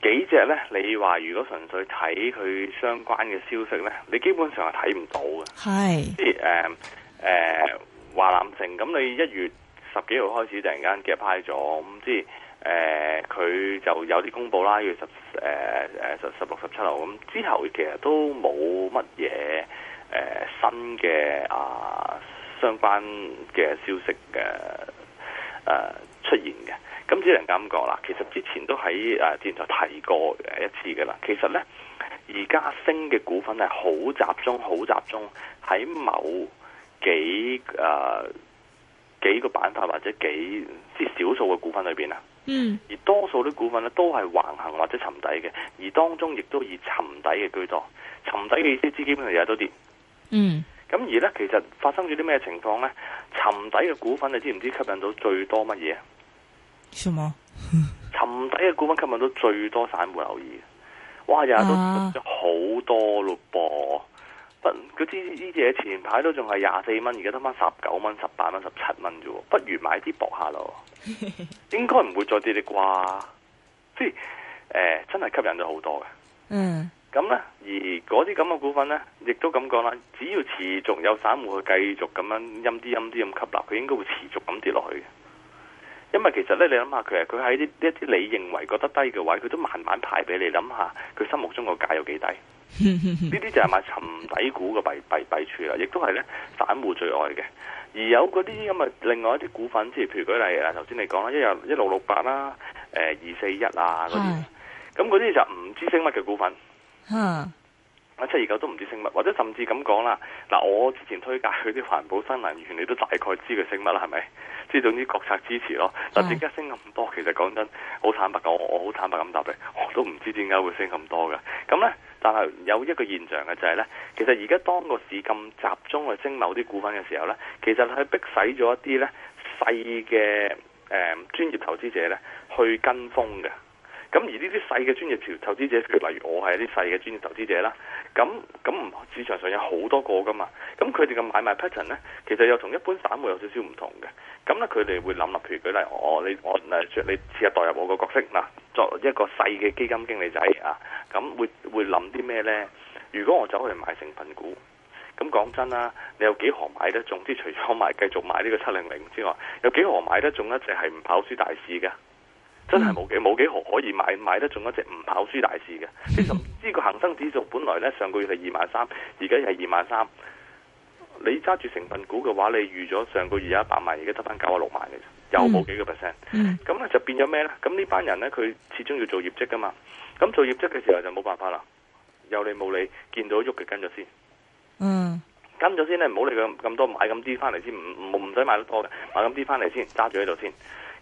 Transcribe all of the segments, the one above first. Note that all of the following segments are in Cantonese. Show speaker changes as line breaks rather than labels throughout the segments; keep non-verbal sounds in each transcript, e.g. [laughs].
.幾隻呢？你話如果純粹睇佢相關嘅消息呢，你基本上係睇唔到嘅。係是即係誒誒，華南城咁，你一月十幾號開始突然間夾派咗，咁即係佢就有啲公布啦，一月十誒、呃、十,十六十七號咁之後，其實都冇乜嘢誒新嘅啊、呃、相關嘅消息嘅、呃、出現嘅。咁只能咁講啦，其實之前都喺誒電台提過一次嘅啦。其實咧，而家升嘅股份咧，係好集中，好集中喺某幾誒、呃、幾個板塊或者幾即少數嘅股份裏面啊。嗯。而多數啲股份咧，都係橫行或者沉底嘅，而當中亦都以沉底嘅居多。沉底嘅意思資金量有多啲。嗯。咁而咧，其實發生咗啲咩情況咧？沉底嘅股份你知唔知吸引到最多乜嘢？係冇，什麼 [laughs] 沉底嘅股份吸引到最多散戶留意，哇！日日都好、uh、多咯噃，不，佢之呢隻前排都仲係廿四蚊，而家得翻十九蚊、十八蚊、十七蚊啫，不如買啲薄一下咯， [laughs] 應該唔會再跌啲啩，即係誒，真係吸引咗好多嘅，嗯。咁咧，而嗰啲咁嘅股份咧，亦都咁講啦，只要持續有散戶去繼續咁樣陰啲陰啲咁吸納，佢應該會持續咁跌落去嘅。因為其實咧，你諗下佢係佢喺一啲你認為覺得低嘅位，佢都慢慢派俾你想下。諗下佢心目中個價有幾低？
呢啲 [laughs] 就
係咪沉底股嘅弊弊弊處啦？亦都係咧散戶最愛嘅。而有嗰啲咁嘅另外一啲股份，即係譬如舉例啊，頭先你講啦，一日一六六八啦，誒二四一啊嗰啲，咁嗰啲就唔知升乜嘅股份。 [laughs] 七二九都唔知升乜，或者甚至咁講啦。嗱，我之前推介佢啲環保新能源，你都大概知佢升乜啦，係咪？知道啲之國策支持咯。嗱，點解升咁多？其實講真的，好坦白講，我好坦白咁答你，我都唔知點解會升咁多嘅。咁呢，但係有一個現象嘅就係、是、呢。其實而家當個市咁集中去升某啲股份嘅時候呢，其實係逼使咗一啲呢細嘅誒專業投資者呢去跟風嘅。咁而呢啲細嘅專業投投資者，例如我係一啲細嘅專業投資者啦，咁咁市場上有好多個噶嘛，咁佢哋嘅買賣 pattern 呢，其實又同一般散戶有少少唔同嘅。咁咧佢哋會諗啦，譬如舉例如、哦，我你我你試下代入我個角色，嗱，作為一個細嘅基金經理仔啊，咁會會諗啲咩呢？如果我走去買成分股，咁講真啦，你有幾何買得中？總之除咗買繼續買呢個七零零之外，有幾何買得中？一隻係唔跑輸大市嘅？嗯、真係冇幾冇幾何可以買買得中一隻唔跑輸大市嘅？其實呢個恒生指數本來呢，上個月係二萬三，而家又係二萬三。你揸住成份股嘅話，你預咗上，上個月有一百萬，而家得翻九十六萬嘅啫，又冇幾個 percent。咁咧、嗯嗯、就變咗咩呢？咁呢班人呢，佢始終要做業績噶嘛。咁做業績嘅時候就冇辦法啦，有理冇理，見到喐嘅跟咗先。嗯，跟咗先呢，唔好理佢咁多，買咁啲翻嚟先，唔唔唔使買得多嘅，買咁啲翻嚟先，揸住喺度先。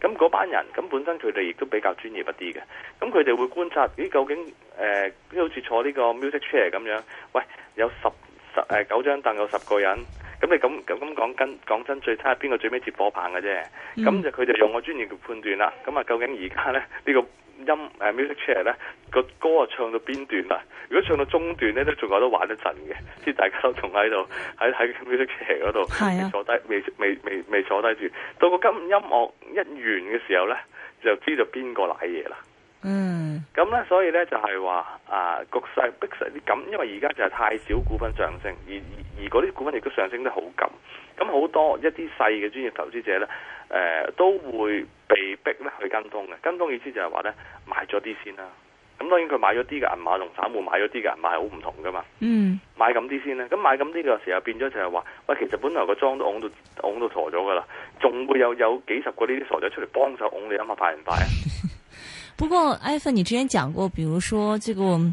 咁嗰班人，咁本身佢哋亦都比較專業一啲嘅，咁佢哋會觀察咦究竟誒、呃，好似坐呢個 music chair 咁樣，喂，有十十、呃、九張凳有十個人，咁你咁咁講講跟講真誰誰最差係邊個最尾接火棒嘅啫，咁就佢哋用個專業嘅判斷啦，咁啊究竟而家咧呢、這個？音誒 music chair 咧，個歌啊唱到邊段啦？如果唱到中段咧，都仲有得玩一陣嘅，即係大家都仲喺度喺喺 music chair 嗰度坐低，未未未未坐低住。到個金音樂一完嘅時候咧，就知道邊個瀨嘢啦。嗯，咁咧，所以咧就係話啊局勢，局勢逼實啲咁，因為而家就係太少股份上升，而而嗰啲股份亦都上升得好急，咁咁好多一啲細嘅專業投資者咧，誒、呃、都會被逼咧去跟風嘅，跟風意思就係話咧買咗啲先啦，啊。咁當然佢買咗啲嘅銀碼同散戶買咗啲嘅銀碼係好唔同噶嘛。嗯，買咁啲先啦。咁買咁啲嘅時候變咗就係話，喂，其實本來個莊都拱到拱到咗噶啦，仲會有有幾十個呢啲傻仔出嚟幫手拱你啊嘛，諗下快唔快？」啊。 [laughs]
不過，iPhone，你之前講過，比如說這個我們……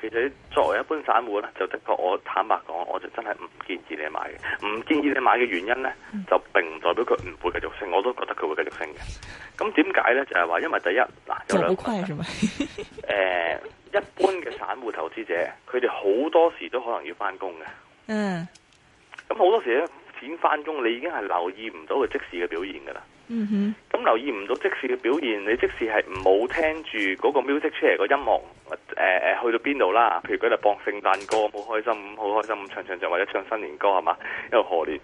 其實作為一般散戶咧，就的確我坦白講，我就真係唔建議你買嘅。唔建議你買嘅原因咧，就並唔代表佢唔會繼續升。我都覺得佢會繼續升嘅。咁點解咧？就係話，因為第一，嗱，
有兩分。誒、 [laughs] 呃，
一般嘅散戶投資者，佢哋好多時都可能要翻工嘅。嗯。咁好多時咧，錢翻工，你已經係留意唔到佢即時嘅表現噶啦。嗯哼。咁留意唔到即時嘅表現，你即使係冇聽住嗰個 music chair 個音樂。誒誒、呃，去到邊度啦？譬如佢就播聖誕歌，好開心咁，好開心咁唱唱唱，或者唱新年歌係嘛？因為賀年。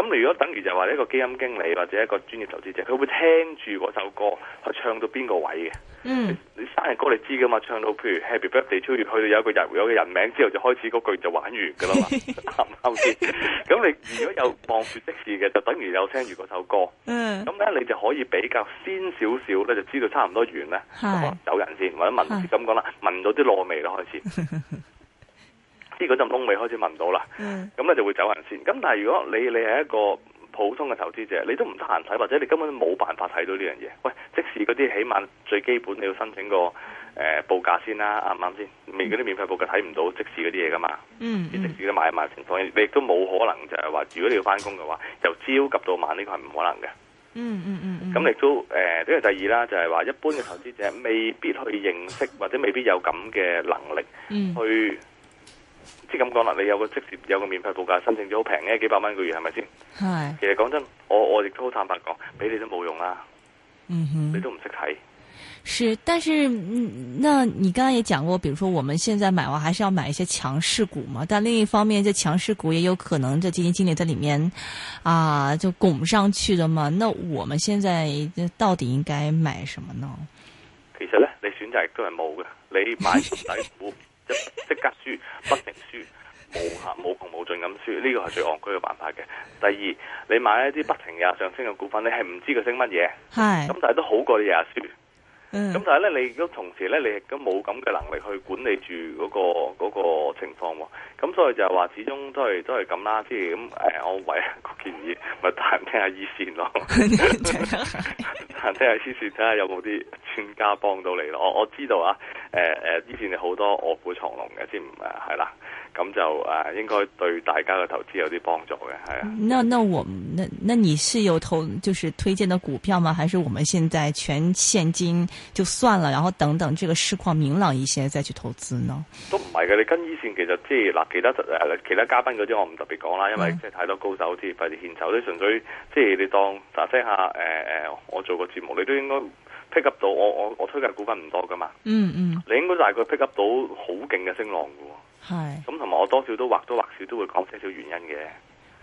咁你如果等於就話一個基金經理或者一個專業投資者，佢會聽住嗰首歌去唱到邊個位嘅？嗯，你，你生日歌你知噶嘛？唱到譬如 Happy Birthday，to you 去到有一個人有一個人名之後就開始嗰句就玩完噶啦嘛，啱啱先？咁你如果有望住即市嘅，就等於有聽住嗰首歌。嗯，咁咧你就可以比較先少少咧，你就知道差唔多完咧，是有人先或者聞，咁講啦，聞到啲樂味啦開始。 [laughs] 呢個陣風未開始聞到啦，咁咧就會走人先。咁但係如果你你係一個普通嘅投資者，你都唔得閒睇，或者你根本冇辦法睇到呢樣嘢。喂，即時嗰啲起碼最基本你要申請個誒、呃、報價先啦、啊，啱唔啱先？未嗰啲免費報價睇唔到即時嗰啲嘢噶嘛？嗯嗯。你、嗯、即時嘅買賣情況，你亦都冇可能就係話，如果你要翻工嘅話，由朝及到晚呢個係唔可能嘅、
嗯。嗯
嗯嗯。咁亦都誒，呢、呃、個第二啦，就係話一般嘅投資者未必去認識，或者未必有咁嘅能力去。即咁講啦，你有個即時有個免費報價，申請咗好平嘅幾百蚊一個月，係咪先？係唉。其實講真的，我我亦都好坦白講，俾你都冇用啦。嗯哼，你都唔識睇。
是，但是、嗯、那你剛才也講過，比如說，我們現在買話，還是要買一些強勢股嘛？但另一方面，這強勢股也有可能這基金經理在裏面啊，就拱不上去的嘛？那我們現在到底應該買什麼呢？
其實咧，你選擇都係冇嘅，你買底股。 [laughs] 即 [laughs] 刻輸，不停輸，無下無窮無盡咁輸。呢個係最戇居嘅辦法嘅。第二，你買一啲不停日日上升嘅股份，你係唔知佢升乜嘢，咁 [laughs] 但係都好過你日日輸。咁、嗯、但係咧，你如果同時咧，你亦都冇咁嘅能力去管理住嗰、那個嗰、那個情況喎。咁所以就係話始終都係都係咁啦。即係咁誒，我唯一個建議，咪彈聽下醫先咯。 [laughs] [laughs] 彈聽下醫先，睇下有冇啲專家幫到你咯。我我知道啊。誒、呃、誒，以前你好多臥虎藏龍嘅先啊，係啦。咁就誒、呃，應該對大家嘅投資有啲幫助嘅，係啊。
那那我，那那你是有投，就是推薦的股票嗎？還是我們現在全現金就算了，然後等等這個市況明朗一些再去投資呢？
都唔係嘅，你跟以前其實即係嗱，其他其他，其他嘉賓嗰啲我唔特別講啦，因為即係太多高手好似、嗯、快啲獻醜，都純粹即係你當查聽下誒誒、呃呃，我做個節目，你都應該。pick up 到我我我推介股份唔多噶嘛，嗯嗯，嗯你應該大概 pick up 到好勁嘅升浪噶喎，係是，咁同埋我多少都或多或少都會講少少原因嘅。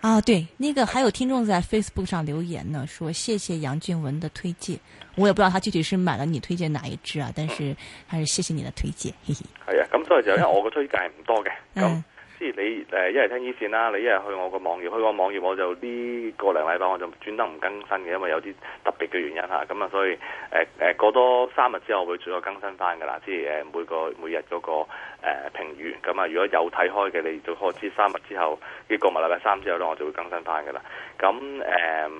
啊，對，
呢、那個還有聽眾在 Facebook 上留言呢，說謝謝楊俊文的推介，我也不知道他具體是買了你推薦哪一支啊，但是還是謝謝你的推介，嘿
嘿。係啊，咁所以就因為我嘅推介係唔多嘅，咁、嗯。即係你誒一係聽醫線啦，你一係去我個網頁。去我個網頁我就呢個兩禮拜我就專登唔更新嘅，因為有啲特別嘅原因嚇，咁啊所以誒誒過多三日之後我會再更新翻噶啦，即係誒每個每日嗰個誒評語，咁啊如果有睇開嘅，你就可以知三日之後，呢個物禮拜三之後咧，我就會更新翻噶啦。咁誒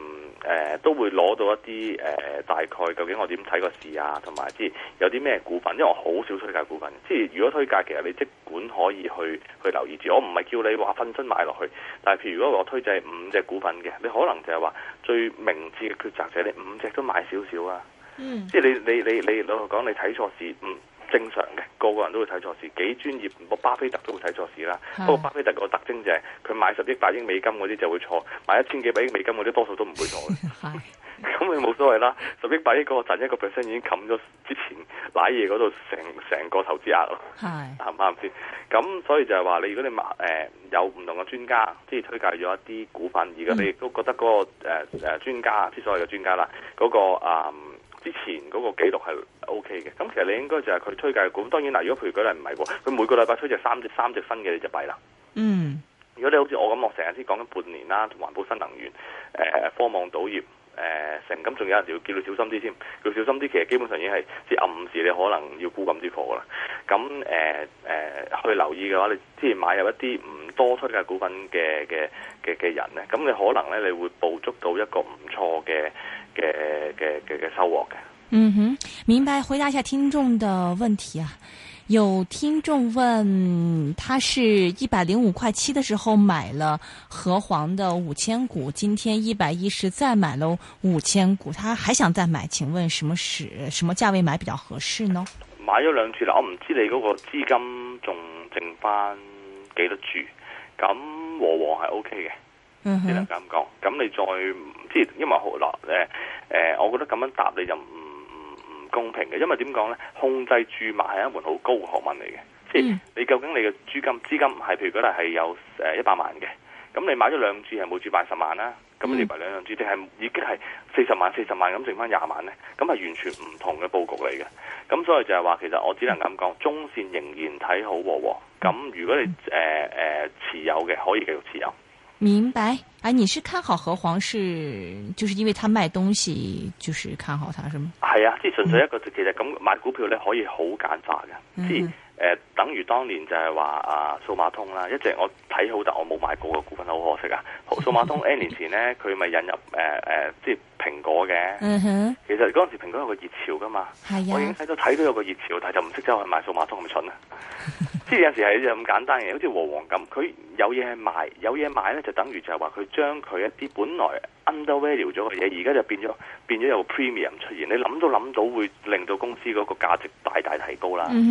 誒都會攞到一啲誒、呃、大概究竟我點睇個市啊，同埋即係有啲咩股份，因為我好少推介股份。即係如果推介，其實你即管可以去去留意我唔係叫你話分身買落去，但係譬如如果我推介五隻股份嘅，你可能就係話最明智嘅抉擇就係你五隻都買少少啊。嗯、
即係你
你你你老實講，你睇錯市唔正常嘅，個個人都會睇錯市。幾專業，巴菲特都會睇錯市啦。不過是的 巴菲特個特徵就係、是、佢買十億百億美金嗰啲就會錯，買一千幾百億美金嗰啲多數都唔會錯嘅。 [laughs] 咁咪冇所謂啦，十億幣嗰個賺一個 percent 已經冚咗之前瀨嘢嗰度成成個投資額咯，啱唔啱先？咁所以就係話你如果你買、呃、有唔同嘅專家，即係推介咗一啲股份，而家你亦都覺得嗰、那個誒誒、呃、專家，即所謂嘅專家啦，嗰、那個啊、呃、之前嗰個記錄係 O K 嘅。咁其實你應該就係佢推介股，當然嗱，如、呃、果譬如舉例唔係喎，佢每個禮拜推介三隻三隻新嘅你就弊啦。嗯，如果你好似我咁，我成日先講緊半年啦，環保新能源誒、呃、科網倒業。誒，成咁仲有人要叫你小心啲先，叫小心啲，其實基本上已經係即係暗示你可能要沽咁啲貨啦。咁誒誒，去留意嘅話，你之前買入一啲唔多出嘅股份嘅嘅嘅嘅人咧，咁你可能咧你會捕捉到一個唔錯嘅嘅嘅嘅嘅收穫嘅。
嗯哼，明白，回答一下聽眾嘅問題啊。有聽眾問他是一百零五塊七嘅時候買了和黃的五千股，今天一百一十再買了五千股，他還想再買，請問什麼時什麼價位買比較合適呢？
買咗兩次啦，我唔知你嗰個資金仲剩翻幾多注，咁和黃係 OK 嘅，嗯，只
能
咁講。咁你，你再即係因為好嗱，誒、呃、誒，我覺得咁樣答你就唔。公平嘅，因為點講咧？控制住買係一門好高嘅學問嚟嘅。嗯、即係你究竟你嘅資金資金係譬如嗰度係有誒一百萬嘅，咁你買咗兩注係冇注八十萬啦，咁你係兩兩注，定係已經係四十萬四十萬咁剩翻廿萬咧，咁係完全唔同嘅佈局嚟嘅。咁所以就係話其實我只能咁講，中線仍然睇好喎。咁如果你誒誒、嗯呃呃、持有嘅，可以繼續持有。
明白，啊，你是看好何黃是，就是因為他賣東西，就是看好他，是嗎？
係啊，即係純粹一個、嗯、其實咁買股票咧可以好簡化嘅，即係誒，等於當年就係話啊，數碼通啦，一隻我睇好但我冇買過嘅股份好可惜啊，數碼通 N 年前咧佢咪引入誒、呃呃、誒，即係蘋果嘅，嗯、哼其實嗰陣時蘋果有個熱潮噶嘛，哎、呀我已經睇到睇到有個熱潮，但係就唔識走去買數碼通咁蠢啊。 [laughs] 即有時係咁簡單嘅，好似和黃咁，佢有嘢係賣，有嘢賣咧就等於就係話佢將佢一啲本來 undervalue 咗嘅嘢，而家就變咗變咗有 premium 出現。你諗都諗到會令到公司嗰個價值大大提高啦。咁、嗯、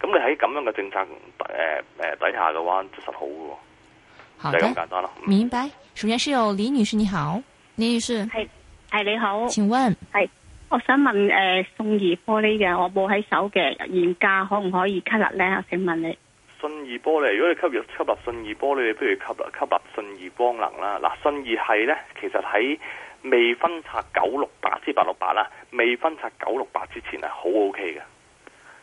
哼你喺咁樣嘅政策誒誒、呃呃、底下嘅話，實實的的就實好嘅。就就咁簡單啦。
明白。首先係有李女士你好，李女士係係、哎、你好，請問係。我想問誒，信、呃、義玻璃嘅，我冇喺手嘅現價，可唔可以吸納呢？請問你
信義玻璃，如果你吸入吸納信義玻璃，你不如吸納吸納信義光能啦。嗱，信義係呢，其實喺未分拆九六八至八六八啦，未分拆九六八之前係好 OK 嘅。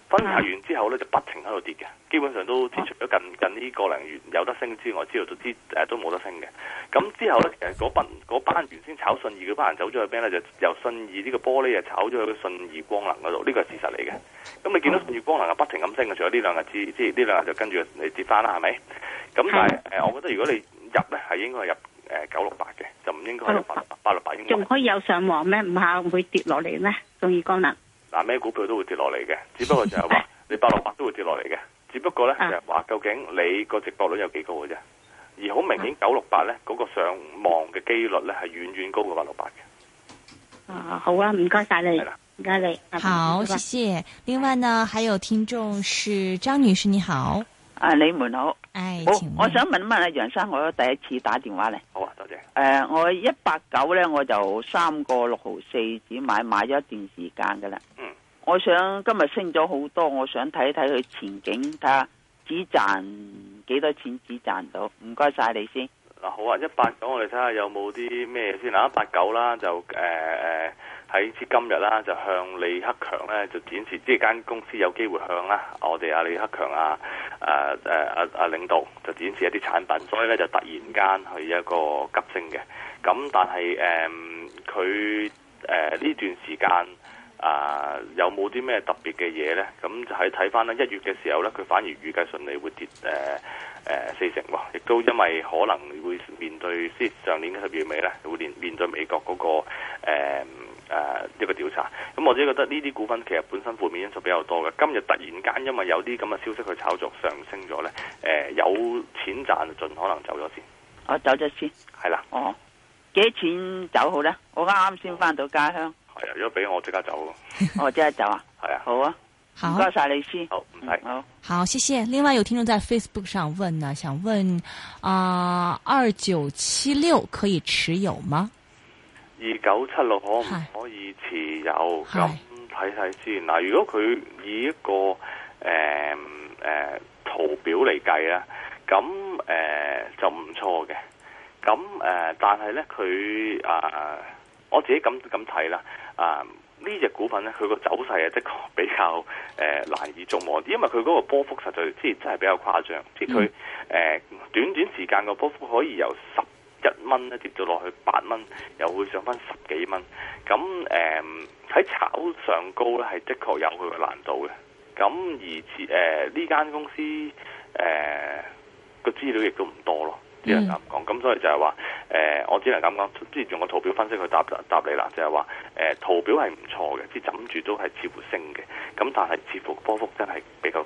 分拆完之後咧，就不停喺度跌嘅，基本上都除咗近近呢、這個零月、這個、有得升之外，之後都知都冇、啊、得升嘅。咁之後咧，嗰班嗰班原先炒信義嗰班人走咗去邊咧？就由信義呢個玻璃就炒咗去信義光能嗰度，呢個係事實嚟嘅。咁、嗯、你見到信義光能啊，不停咁升嘅，除咗呢兩日之之呢兩日就跟住你跌翻啦，係咪？咁但係的、呃、我覺得如果你入咧，係應該入誒九六八嘅，就唔應該入八六八。八六八仲可以有上往咩？唔怕會跌落嚟咩？信義
光
能。嗱，咩股票都會跌落嚟嘅，只不過就係話你八六八都會跌落嚟嘅， [laughs] 只不過咧就係話究竟你個直播率有幾高嘅啫，而好明顯九六八咧嗰個上望嘅幾率咧係遠遠高過八六八嘅。啊
好啊，唔該晒你，唔該係你，拜拜，好，謝謝。另外呢，還有聽眾是張女士，你好。啊，你們好，哎、好，我想問一問啊，楊生，我第一次打電話嚟。好啊，多謝。誒，我一八九呢，我就三個六毫四紙買，買咗一段時間噶啦。嗯，我想今日升咗好多，我想睇一睇佢前景，睇下只賺幾多錢，只賺到。唔該晒你先。
嗱，好啊，一八九我哋睇下有冇啲咩先。嗱，一八九啦，就誒。呃喺至今日啦，就向李克強咧就展示，即係間公司有機會向啦我哋啊。李克強啊，誒誒啊，阿、啊啊、領導就展示一啲產品，所以咧就突然間係一個急升嘅。咁但係誒佢誒呢段時間啊、呃、有冇啲咩特別嘅嘢咧？咁就喺睇翻咧一月嘅時候咧，佢反而預計順利會跌誒誒、呃呃、四成喎。亦都因為可能會面對即上年嘅十月尾咧，會面面對美國嗰、那個、呃誒，一、呃呢個調查，咁、嗯、我自己覺得呢啲股份其實本身負面因素比較多嘅。今日突然間因為有啲咁嘅消息去炒作上升咗咧，誒、呃，有錢賺盡盡可能走咗先。
我先走咗先。係啦。哦。幾錢走好咧？我啱啱先翻到家鄉。
係啊，如果俾我即刻走。
我即刻走啊？係 [laughs] 啊。好啊，好啊。唔該晒你先。好，唔使、嗯。好，好，謝謝。另外有聽眾在 Facebook 上問啊，想問啊，二九七六可以持有嗎？
二九七六可唔可以持有？咁睇睇先。嗱，如果佢以一個誒誒、呃呃、圖表嚟計啦咁誒就唔錯嘅。咁誒、呃，但係咧佢啊，我自己咁咁睇啦。啊、呃，呢隻股份咧，佢個走勢係的確比較誒難以捉摸，因為佢嗰個波幅實在之前真係比較誇張，即係佢誒短短時間個波幅可以由十一蚊跌到落去八蚊，又會上返十幾蚊。咁誒，喺、嗯、炒上高咧，係的確有佢嘅難度嘅。咁而前誒呢間公司誒個資料亦都唔多咯，只能咁講。咁、嗯、所以就係話誒，我只能咁講，之前用個圖表分析去答答，答你啦，就係話誒圖表係唔錯嘅，即係枕住都係似乎升嘅。咁但係似乎波幅真係比較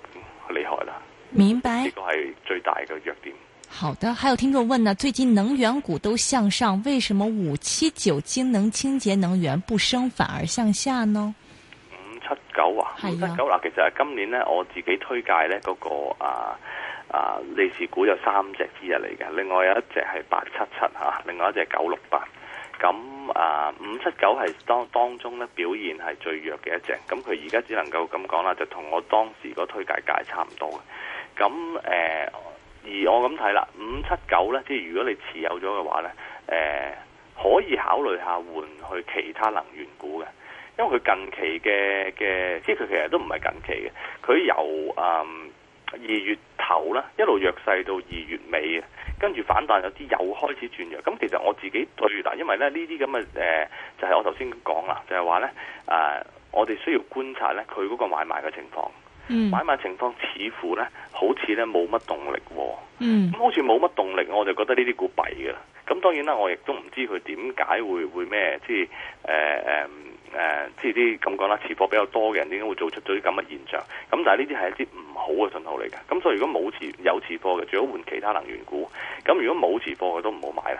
厲害啦。
明
白，呢
個係最大嘅弱點。
好的，還有聽眾問呢、啊，最近能源股都向上，為什麼五七九京能清潔能源不升反而向下呢？
五七九啊，五七九嗱，其實今年呢，我自己推介呢嗰、那個啊啊利是股有三隻之一嚟嘅，另外有一隻係八七七吓，另外一隻九六八，咁啊五七九係當當中咧表現係最弱嘅一隻，咁佢而家只能夠咁講啦，就同我當時個推介價差唔多嘅，咁誒。呃而我咁睇啦，五七九咧，即係如果你持有咗嘅話咧，誒、呃、可以考慮下換去其他能源股嘅，因為佢近期嘅嘅，即係佢其實都唔係近期嘅，佢由嗯二月頭啦，一路弱勢到二月尾嘅，跟住反彈有啲又開始轉弱。咁其實我自己對啦，因為咧呢啲咁嘅誒，就係、是、我頭先講啦，就係話咧啊，我哋需要觀察咧佢嗰個買賣嘅情況。Mm. 買賣情況似乎咧，好似咧冇乜動力，哦，咁、mm. 嗯、好似冇乜動力，我就覺得呢啲股弊嘅啦。咁當然啦，我亦都唔知佢點解會會咩，即係誒誒誒，即係啲咁講啦，持、呃、貨比較多嘅人點解會做出咗啲咁嘅現象？咁但係呢啲係一啲唔好嘅信號嚟嘅。咁所以如果冇持有持貨嘅，最好換其他能源股。咁如果冇持貨嘅，都唔好買啦。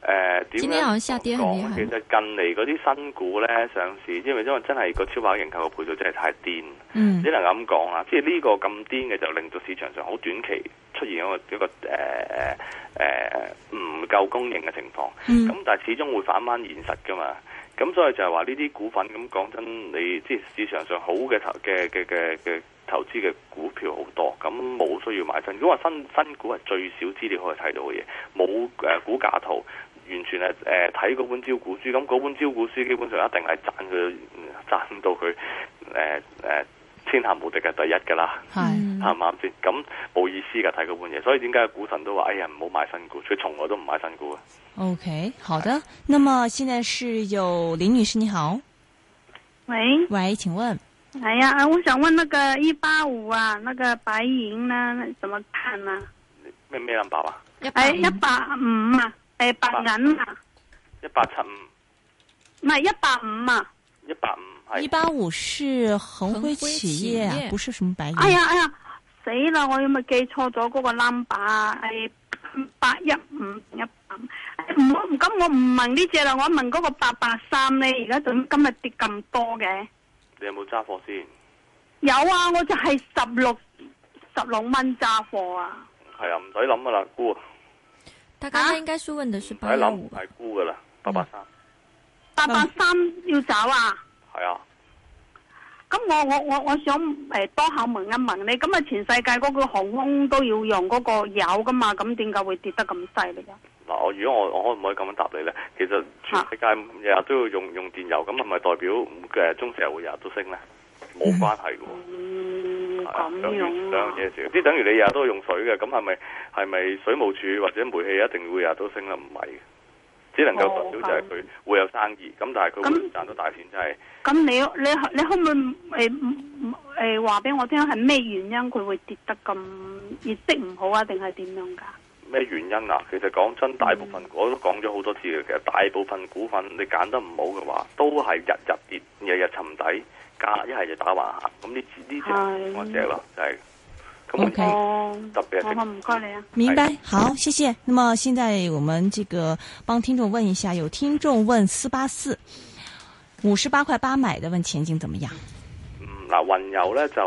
誒，點、呃、樣講？其實近嚟嗰啲新股咧，上市，因為因為真係個超跑認購嘅倍數真係太癲，嗯、只能咁講啊！即係呢個咁癲嘅，就令到市場上好短期出現一個一個誒誒誒唔夠供應嘅情況。咁、嗯、但係始終會反翻現實噶嘛？咁所以就係話呢啲股份，咁講真，你即係市場上好嘅投嘅嘅嘅嘅投資嘅股票好多，咁冇需要買新。如果話新新股係最少資料可以睇到嘅嘢，冇誒、呃、股價完全係誒睇嗰本招股書，咁嗰本招股書基本上一定係賺佢賺到佢誒誒天下無敵嘅第一噶啦，啱唔啱先？咁冇、嗯嗯、意思噶睇嗰本嘢，所以點解股神都話：哎呀，唔好買新股，佢從來都唔買新股啊。
OK，好的。咁那麼現在是有林女士，你好。喂喂，請問？係啊，我想問那個一八五啊，那個白銀呢？
怎麼看啊？咩咩一百啊？
一一百五啊？誒、欸，白銀
啊，一百七五，
唔係一百五啊，
一百五
係一八五是恒輝企業，啊，不是什麼白銀。哎呀哎呀，死啦！我有咪記錯咗嗰個 number？啊？係八一五一五。唔、哎，唔咁我唔問呢隻啦，我問嗰個八八三咧。而家仲今日跌咁多嘅，
你有冇揸貨先？
有啊，我就係十六十六蚊揸貨啊。
係啊，唔使諗啊，啦，姑。
大家應該是問的是八百
五，係沽嘅啦，八百
三，八百三要走啊？係啊，咁、嗯嗯、我我我我想誒、欸、多口問一問你，咁啊全世界嗰個航空都要用嗰個油嘅嘛，咁點解會跌得咁犀利㗎？
嗱、啊，我如果我我可唔可以咁樣答你咧？其實全世界日日都要用用電油，咁係咪代表誒中石油日日都升咧？冇關係嘅喎。咁嘢、嗯。即係、啊啊、等於你日日都用水嘅，咁係咪？係咪水務署或者煤氣一定會日都升得？唔係，只能夠代表就係佢會有生意。咁、哦嗯、但係佢會賺到大錢真係。
咁你你你可唔可以誒誒話俾我聽，係咩原因佢會跌得咁業績唔好啊？定係點樣噶？
咩原因啊？其實講真，大部分、嗯、我都講咗好多次嘅，其實大部分股份你揀得唔好嘅話，都係日日跌，日日沉底，假一係就打橫行。咁呢呢隻我寫咯，就係、是。
O K，唔該你啊，Okay 明白，好，謝謝。那麼現在我們這個幫聽眾問一下，有聽眾問四八四五十八塊八買的，問前景怎麼樣？
嗯，嗱、呃，雲遊咧，就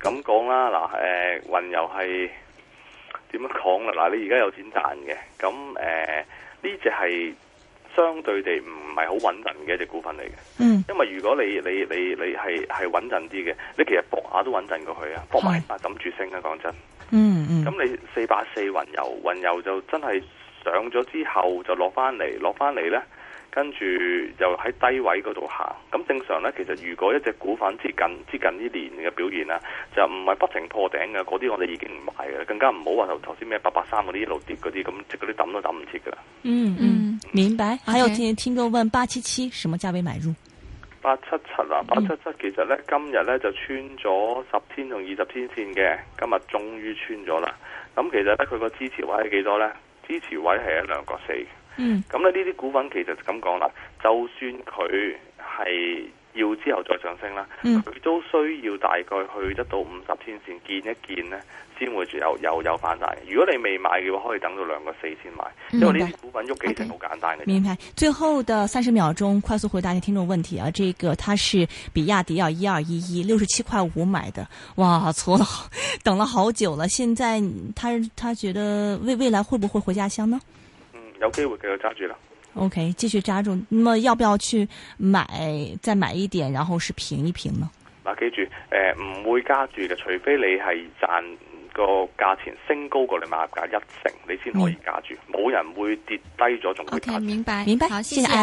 咁講啦，嗱、呃，誒，雲遊係點樣講咧？嗱、呃，你而家有錢賺嘅，咁、呃、誒，呢隻係。相對地唔係好穩陣嘅一隻股份嚟嘅，嗯、因為如果你你你你係係穩陣啲嘅，你其實搏下都穩陣過去啊，搏埋啊，諗是住升啊，講真嗯。
嗯嗯。咁
你四百四雲油，雲油就真係上咗之後就落翻嚟，落翻嚟咧。跟住又喺低位嗰度行，咁正常呢。其實如果一隻股份接近接近呢年嘅表現啦，啊，就唔係不停破頂嘅，嗰啲我哋已經唔買嘅，更加唔好話頭頭先咩八八三嗰啲一路跌嗰啲，咁即嗰啲抌都抌唔切噶。嗯嗯，
明白。還有聽 Okay. 聽眾問八七七什麼價位買入？
八七七啊，八七七其實呢，今日呢就穿咗十天同二十天線嘅，今日終於穿咗啦。咁其實呢，佢個支持位係幾多呢？支持位係一兩個四。嗯，咁呢呢啲股份其實咁講啦，就算佢係要之後再上升啦，佢、嗯、都需要大概去得到五十天線見一見呢，先會有有有反彈嘅。如果你未買嘅話，可以等到兩個四先買，嗯、因為呢啲股份喐幾成好簡單嘅。明白。
最後的三十秒鐘，快速回答下聽眾問題啊！這個他是比亞迪，要一二一一六十七塊五買的，哇，錯啦，等咗好久啦，現在他他覺得未未來會不會回家鄉呢？
有機會繼續揸住啦。
OK，繼續揸住。咁啊要不要去買再買一點，然後是平一平呢？
嗱，記住，誒、呃，唔會加注嘅，除非你係賺個價錢升高過你買入價一成，你先可以加注。冇、mm. 人會跌低咗仲。OK，
明白，明白。好，謝謝。